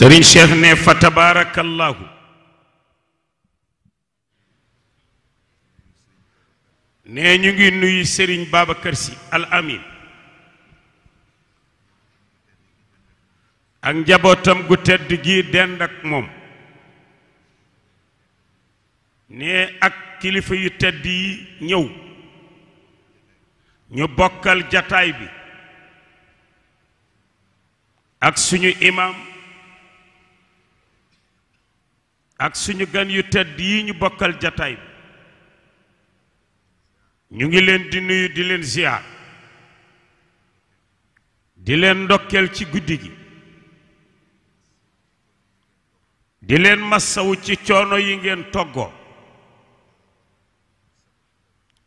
sëriñ cheikh ne fa tabaarakallaahu ne ñu ngi nuyu sëriñ Babacar Sy al amin ak njabootam gu tëdd gi dend ak moom ne ak kilifa yu tedd yi ñëw ñu bokkal jataay bi ak suñu imam ak suñu gan yu tedd yi ñu bokkal jataay bi ñu ngi leen di nuyu di leen ziar di leen ndokkeel ci guddi gi di leen massawu ci coono yi ngeen toggoo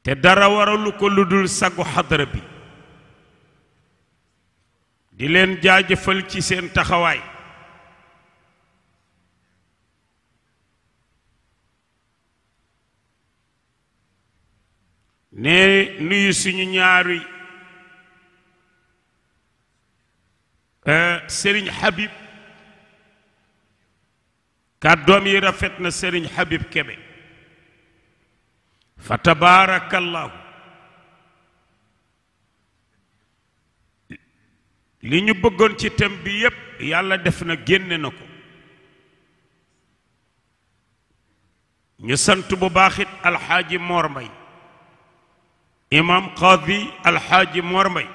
te dara waralu ko lu dul sagu xadara bi di leen jaajëfal ci seen taxawaay ne nuyu suñu ñaari eh, Serigne Habib kàddoom yi rafet na sëriñ Habib Kebe fa tabaarakallahu li ñu bëggoon ci thème bi yépp yàlla def na génne na ko ñu sant bu baaxit alxaaji Mor imam qadi alxaaji Mor Mbay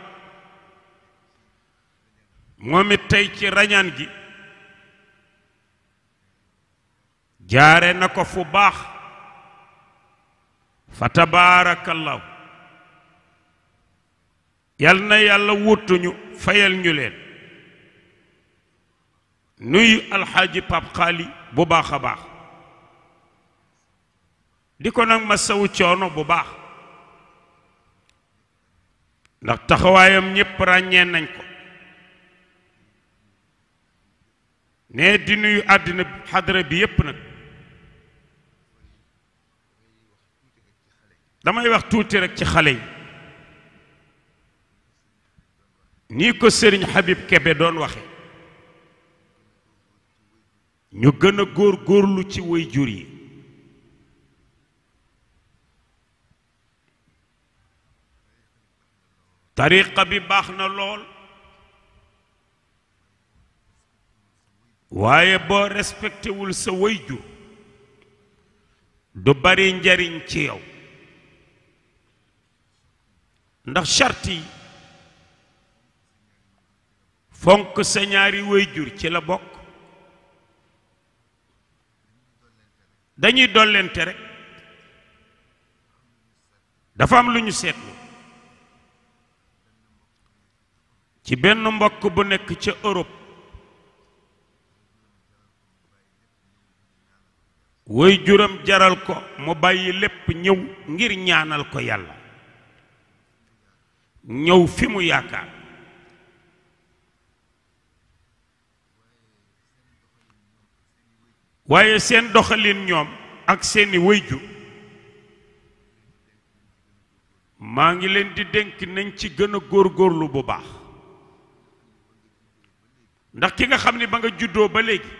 moom it tey ci rañaan gi jaare na fu baax fa tabaarakallahu yàlla wutuñu fayal ñu leen nuyu alxaaji Pap Xaali bu baax a baax di ma sawu coono bu baax ndax taxawaayam ñépp ràññee nañ ko ne di nuyu àddina xadara bi yépp nag damay wax tuuti rekk ci xale yi ni ko sëriñ Habib Kebe doon waxe ñu gën a góor góorlu ci woy jur yi tariqa bi baax na lool waaye boo respecté sa wayjur du bari njariñ ci yow ndax charte yi fonk sa ñaari wayjur ci la bokk dañuy dollente rekk dafa am lu ñu seetlu ci benn mbokk bu nekk ca Europe woy jaral ko mu bàyyi lépp ñëw ngir ñaanal ko yàlla ñëw fi mu yaakaar waaye seen doxalin ñoom ak seeni wayjur maa ngi leen di dénk nañ ci gëna góor góorlu bu baax ndax ki nga xam ni ba nga juddoo ba léegi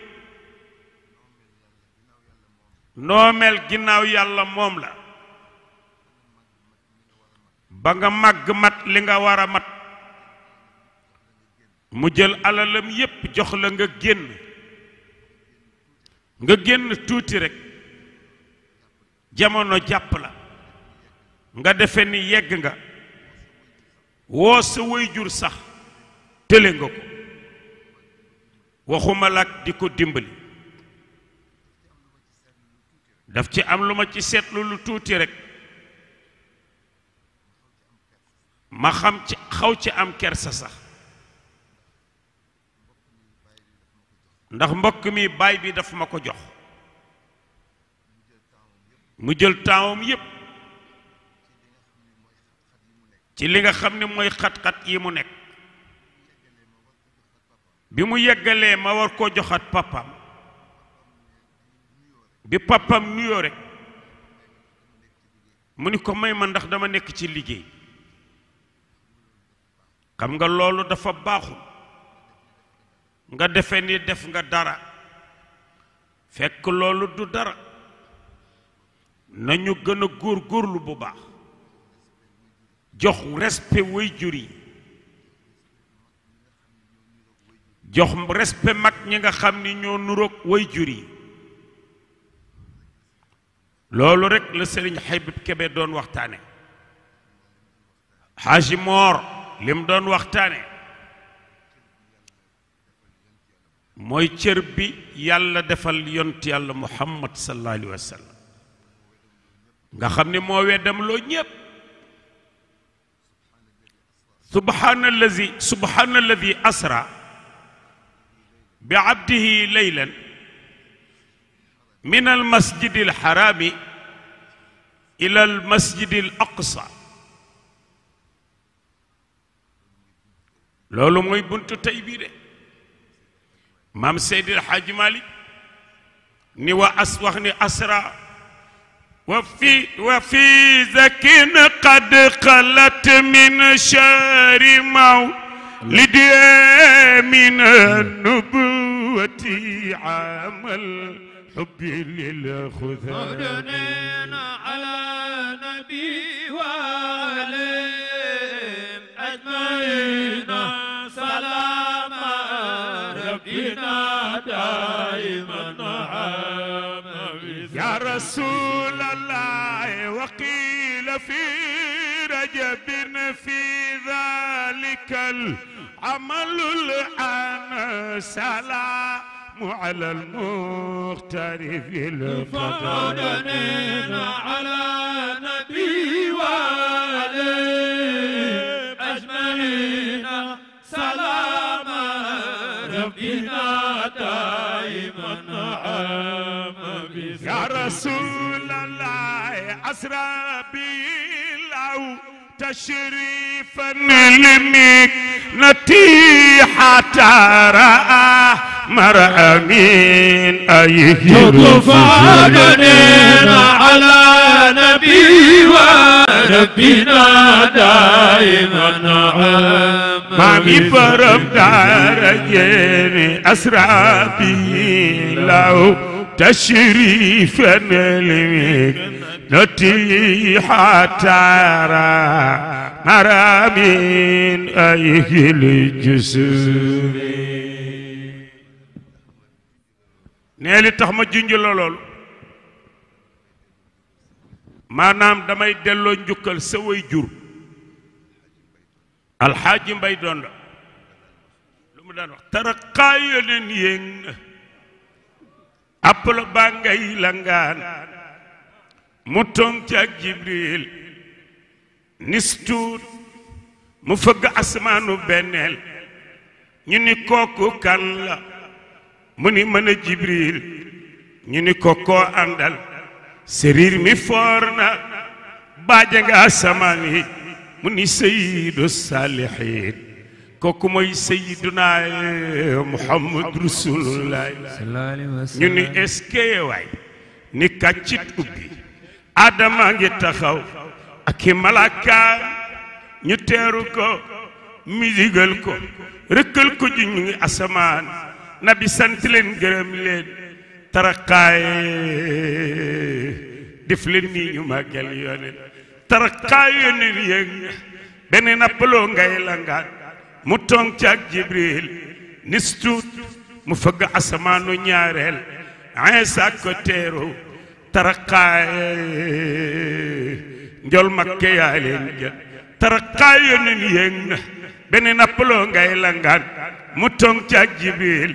noo mel ginnaaw yàlla moom la ba nga màgg mat li nga war a mat mu jël alalam yépp jox la nga génn nga génn tuuti rekk jamono jàpp la nga defe ni yegg nga woo sa jur sax tële nga ko waxuma la di ko dimbali daf ci am lu ma ci seetlu lu tuuti rekk ma xam ci xaw ci am kersa sax ndax mbokk mi baay bi daf ma ko jox mu jël taawam yépp ci li nga xam ne mooy xat-xat yi mu nekk bi mu yeggalee ma war koo joxaat pappam bi pappam nuyoo rek mu ni ko may ma ndax dama nekk ci liggéey xam nga loolu dafa baaxul nga defe ni def nga dara fekk loolu du dara nañu gën a góor góorlu bu baax jox respect way jur yi jox respect mag ñi nga xam ni ñoo nuroog way jur yi loolu rek la sëriñ xaybib kebe doon waxtaane xaaji moor lim doon waxtaane mooy cër bi yàlla defal yont yàlla muhammad sallallahu alayhi wa sallam nga xam ni moo weddam loo ñépp subhaana allazi subhaana allazi asra بعبده ليلا من المسجد الحرام إلى المسجد الأقصى لولو موي بنتو تيبيري مام سيد الحاج مالك نوا أسوخني أسرى وفي وفي زكين قد خلت من شارمه لدي من النبو قوتي عمل حبي للخذ على نبي وعليم أجمعين سلام ربنا دائما يا رسول الله وقيل في رجب في ذلك الوقت عمل الآن سلام على المغترف الفضل على نبي والي أجمعين سلام ربنا دائما عام يا رسول الله أسرى بي تشريفا لمك حتى رأى مرأة امين أيه طوفاننا على نبي وربنا دائما ما مي فرم دارجين اسرع به لو تشريفا لمك التي حتارى مرامين أيه الجسم nee li tax ma junj la loolu maanaam damay delloo njukkal sa way jur alxaaji mbay donda lu tara xaayo nen yéeng na baa ngay langaan mu tonk ak jibril nistuut mu fëgg asmaanu benneel ñu ni kooku kan la mu ni mën a jibril ñu ni ko koo àndal sëriir mi foor na baaje nga asamaan mu ni sayidu saalihiin kooku mooy sayiduna muhammad rasulullah ñu ni est ni kàccit ubbi adama ngi taxaw ak i ñu teeru ko misigal ko rëkkal ko ju ñu ngi asamaan nabi sant leen gërëm leen taraqaaye def leen nii ñu màggal yoneen taraqaay yoneen yëg na beneen appaloo ngay langaan mu toog ci ak jibril nistuut mu fëgg asamaanu ñaareel Iisaa ko teeru taraqaaye njol makke yaa leen ja taraqaayo nin yéeg na beneen appaloo ngay langaan mu tong ca jibil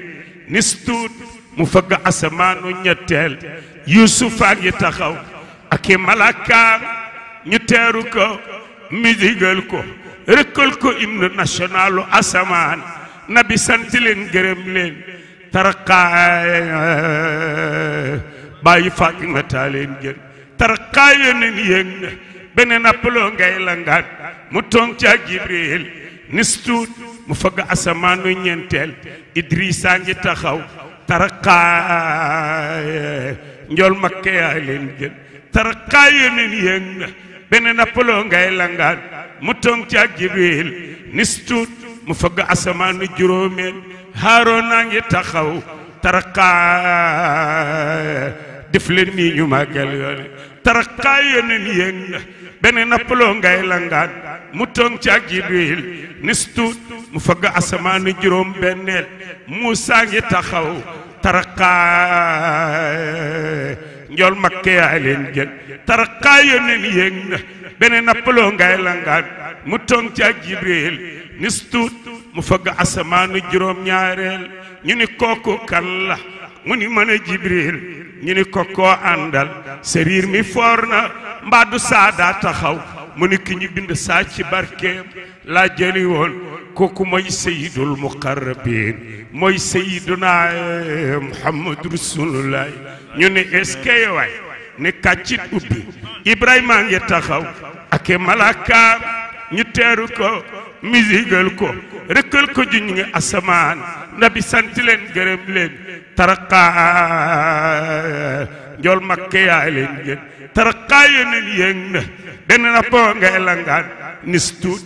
nis tuut mu fëgg asamaanu ñetteel yuusufaak yi taxaw ak i malakaam teeru ko mi digal ko rëkkal ko hymne nationalu asamaan nabi sant leen gërëm leen taraqaaye bàyyi Fatima taaleen jël tarxaayo nen yéeg na beneen appeloo ngay langaat mu toog ca Jibril nistuut mu fëgg asamaanu ñeenteel Idrissa ngi taxaw tarxaay njool makke yaa leen jël tarxaayo nen na beneen appeloo ngay langaat mu toog ca Jibril nistuut mu fëgg asamaanu juróomeel Haaruna ngi taxaw tarxaay def leen nii ñu màggal yoone taraqaay yonen yéeg nga bene nappaloo ngay langat mu tong ci ak jibril nistu mu fagg asman juróom benel musa ngi taxaw taraqaay ñol makke yaa ngay langat mu tong ci ak jibril nistu mu fagg asman juróom ñaarel ñu ni koku kan la mu ni mën a jibril ñu ni ko koo àndal sariir mi foor na mbaadu saadaa taxaw mu ni ki ñu bind saa ci barkeem laa jëli woon kooku mooy sayidul muqarrabin mooy sayiduna muhammad rasulullah ñu ni eskay ni kàccit ubbi ibrahima ngi taxaw ak malaakaam ñu teeru ko misigal ko rëkkal ko juñ ngi asamaan nabi sant leen gërëm leen taraqaa njool makke yaa leen gën taraqaa yonen yëng na benn rappoo ngay langaan nistu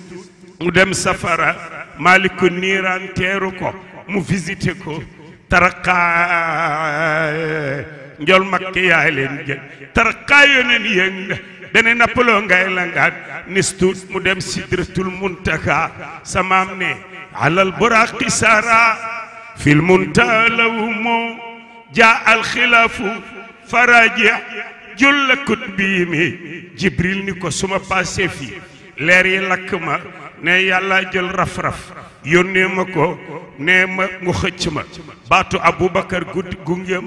mu dem safara maaliku niiraan teeru ko mu visité ko taraqaa njool makke yaa leen gën taraqaa yonen yëng na dene napolo ngay langat nistuut mu dem sidratul muntaha sama alal buraqi sara fil muntaha ja al alxilaafu faraji jul kut mi jibril ni ko suma passé fi lèr yi lakk ma ne yalla jël raf-raf yonne mako ne ma mu xëcc ma batu abubakar guddi gunge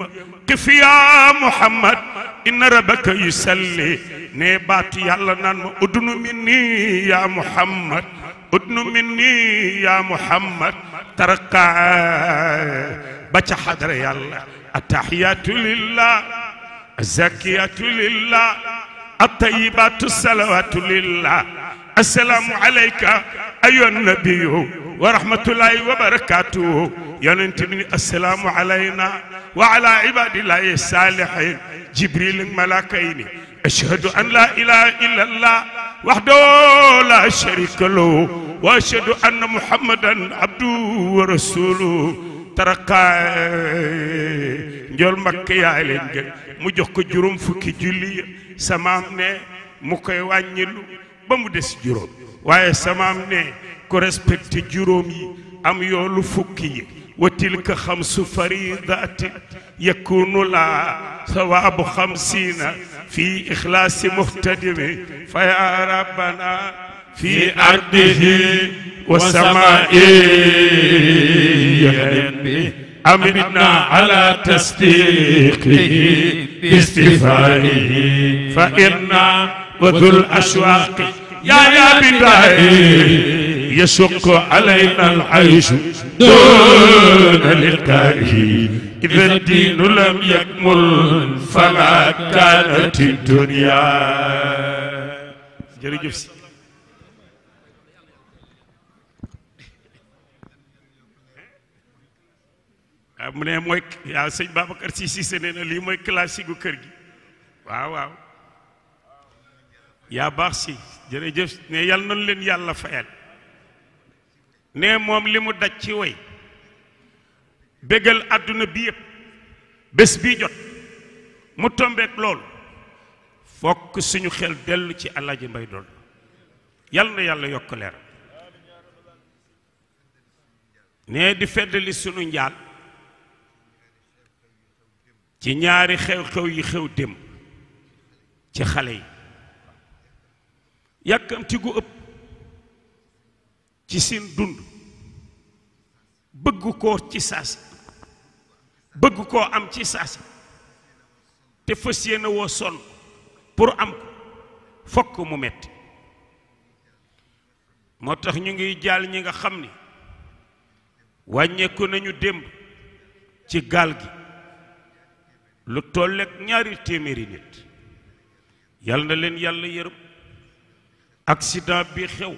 muhammad inna rabbaka yusalli ne baat yàlla naan ma udnu minni ya muhammad udnu minni ya muhammad tarqa ba ca xadara yàlla attahiyatu lillah azakiyatu lillah attayibatu salawatu lillah assalaamu alayka ayyuha nabiyu wa rahmatullahi wa barakatuhu yonent bi ni assalaamu alayna wa ala ibadillahi salihin jibril malaaka yi ni ashhadu an la ilaha illa allah wahdahu la sharika lahu wa ashhadu anna muhammadan abduhu wa rasuluhu taraqaa njool makk yaa leen gën mu jox ko juróom fukki julli samaam ne mu koy wàññilu ba mu des juróom waaye samaam ne ko respecté juróom yi am yoolu fukki yi وتلك خمس فريضات يكون لها ثواب خمسين في إخلاص مختدم فيا ربنا في أرضه وسمائه يا أمرنا على تصديقه باستفائه فإنا وذو الأشواق يا يا بدائي يشق علينا العيش دون لقائه إذا الدين لم يكمل فما كانت الدنيا jërëjëf si waaw mu ne mooy yaa sëñ Babacar si Cissé nee na lii mooy classique gu kër gi waaw waaw yaa baax si jërëjëf ne yàlla nañ leen yàlla fayal ne moom li mu ci way bégal àdduna bi yëpp bés bi jot mu tombe ak loolu fokk suñu xel delu ci alaaji mbay doon yàlla yàlla yok leer ne di feddali sunu njaal ci ñaari xew-xew yi xew dem ci xale yi yakam ci gu upp ci seen dund bëgg koo ci saasi bëgg koo am ci saasi te fas yéene woo sonn pour am ko fokk mu metti moo tax ñu ngi jàll ñi nga xam ni wàññeeku nañu démb ci gaal gi lu tolleek ñaari téeméeri nit yal na leen yàlla yërëm accident bi xew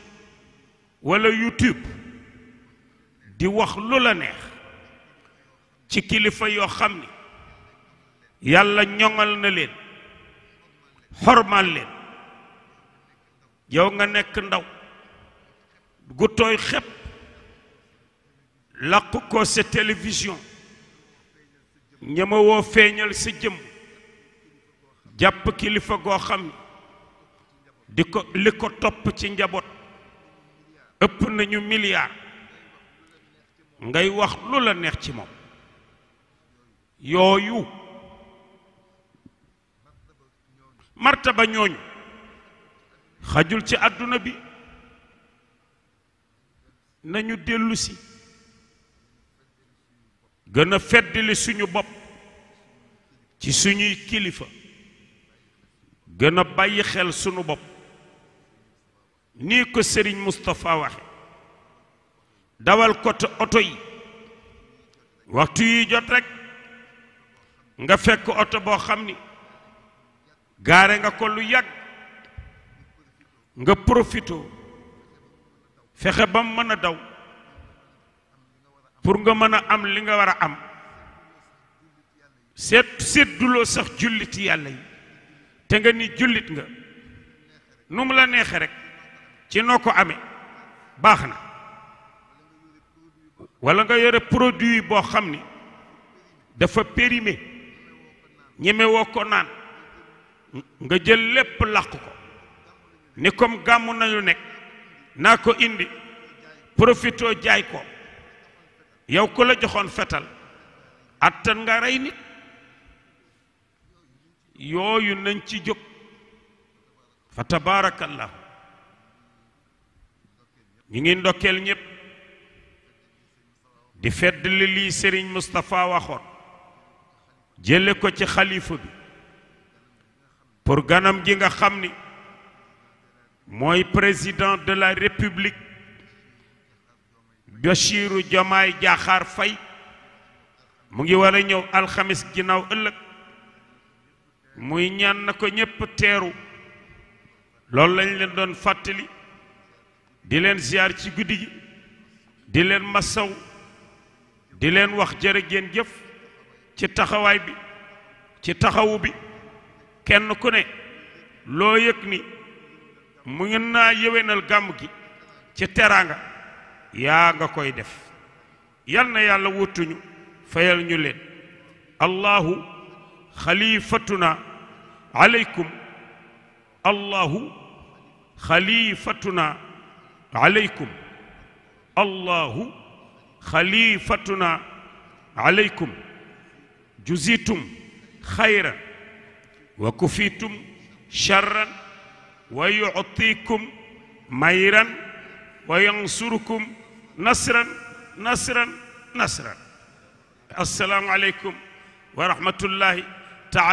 wala YouTube di wax lu la neex ci kilifa yoo xam ni yàlla ñoŋal na leen xormal leen yow nga nekk ndaw gu tooy xepp làq ko sa télévision ñama feeñal sa jëm jàpp kilifa goo xam ni di ko li ko topp ci njaboot ëpp nañu milliard ngay wax lu la neex ci moom yooyu martaba ñooñu xajul ci àdduna bi nañu dellusi si gën a feddali suñu bopp ci suñuy kilifa gën a bàyyi xel suñu bopp nii ko sëriñ Moustapha waxe dawal côté oto yi waxtu yi jot rekk nga fekk oto boo xam ni gaare nga ko lu yàgg nga profito fexe ba mu mën a daw pour nga mën a am li nga war a am seet sedduloo sax jullit yàlla yi te nga ni jullit nga nu mu la neexe rekk ci noo ko ame baax na walla nga yore produit boo xam ni dafa périmé ñemewoo ko naan nga jël lépp làq ko ne comme gàmm nañu nekk naa ko indi profitoo jaay ko yow ko la joxoon fetal attan nga rey nit yooyu nañ ci jóg fa tabaarakallahu ñu ngi ndokkeel ñépp di fedd li lii sëriñ Moustapha waxoon jële ko ci xalifa bi pour ganam ji nga xam ni mooy président de la république Bassirou Diomaye Diakhar Faye mu ngi war ñëw alxamis ginnaaw ëllëg muy ñaan na ko ñépp teeru loolu lañ leen doon fàttali di leen ziar ci guddi gi di leen massaw di leen wax jërë ngeen jëf ci taxawaay bi ci taxawu bi kenn ku ne loo yëg ni mu ngi naa yéwénal gàmm gi ci teraanga yaa nga koy def yal na yàlla wutuñu fayal ñu leen allahu xalifatuna aleykum allahu xalifatuna عليكم الله خليفتنا عليكم جزيتم خيرا وكفيتم شرا ويعطيكم ميرا وينصركم نصرا نصرا نصرا السلام عليكم ورحمة الله تعالى